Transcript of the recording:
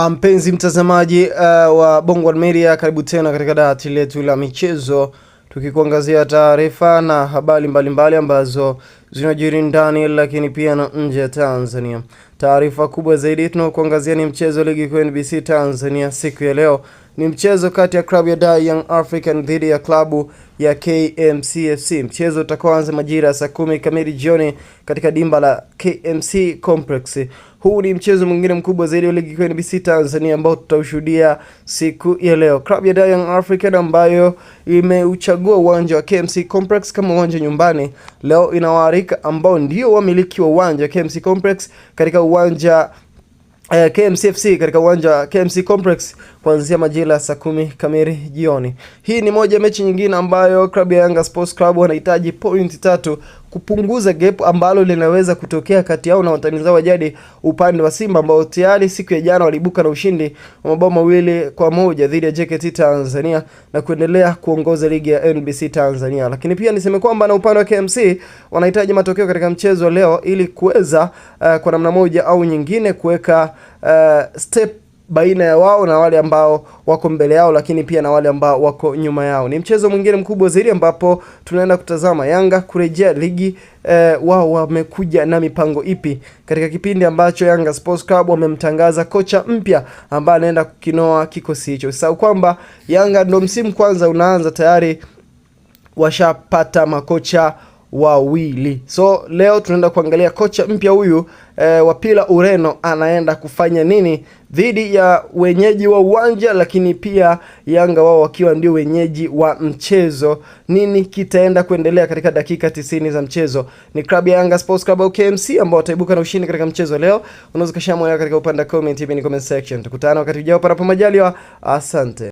Ah, mpenzi mtazamaji uh, wa Bongo Media, karibu tena katika dawati letu la michezo, tukikuangazia taarifa na habari mbalimbali ambazo zinajiri ndani lakini pia na nje ya Tanzania. Taarifa kubwa zaidi tunaokuangazia ni mchezo ligi kuu NBC Tanzania siku ya leo. Ni mchezo kati ya klabu ya Dar Young African dhidi ya klabu ya KMC FC. Mchezo utakaoanza majira ya saa kumi kamili jioni katika dimba la KMC Complex. Huu ni mchezo mwingine mkubwa zaidi wa ligi kuu NBC Tanzania ambao tutaushuhudia siku ya leo. Klabu ya Dar Young African ambayo imeuchagua uwanja wa KMC Complex kama uwanja nyumbani, leo inawaalika ambao ndio wamiliki wa uwanja wa KMC Complex katika uwanja eh, KMCFC katika uwanja wa KMC Complex kuanzia majira ya saa kumi kamili jioni. Hii ni moja mechi nyingine ambayo klabu ya Yanga Sports Club wanahitaji pointi tatu kupunguza gap ambalo linaweza kutokea kati yao na watani zao wa jadi upande wa Simba ambao tayari siku ya jana waliibuka na ushindi wa mabao mawili kwa moja dhidi ya JKT Tanzania na kuendelea kuongoza ligi ya NBC Tanzania. Lakini pia niseme kwamba na upande wa KMC wanahitaji matokeo katika mchezo leo ili kuweza uh, kwa namna moja au nyingine kuweka uh, step baina ya wao na wale ambao wako mbele yao, lakini pia na wale ambao wako nyuma yao. Ni mchezo mwingine mkubwa zaidi ambapo tunaenda kutazama Yanga kurejea ligi eh, wao wamekuja na mipango ipi katika kipindi ambacho Yanga Sports Club wamemtangaza kocha mpya ambaye anaenda kukinoa kikosi hicho. Sasa kwamba Yanga ndo msimu kwanza unaanza tayari washapata makocha wawili. So leo tunaenda kuangalia kocha mpya huyu e, wa Pila Ureno anaenda kufanya nini dhidi ya wenyeji wa uwanja, lakini pia Yanga wao wakiwa ndio wenyeji wa mchezo. Nini kitaenda kuendelea katika dakika tisini za mchezo? Ni klabu ya Yanga Sports Club au KMC ambao wataibuka na ushindi katika mchezo leo? Unaweza ukashamwona katika upande wa comment, hivi ni comment section. Tukutane wakati ujao, panapo majaliwa. Asante.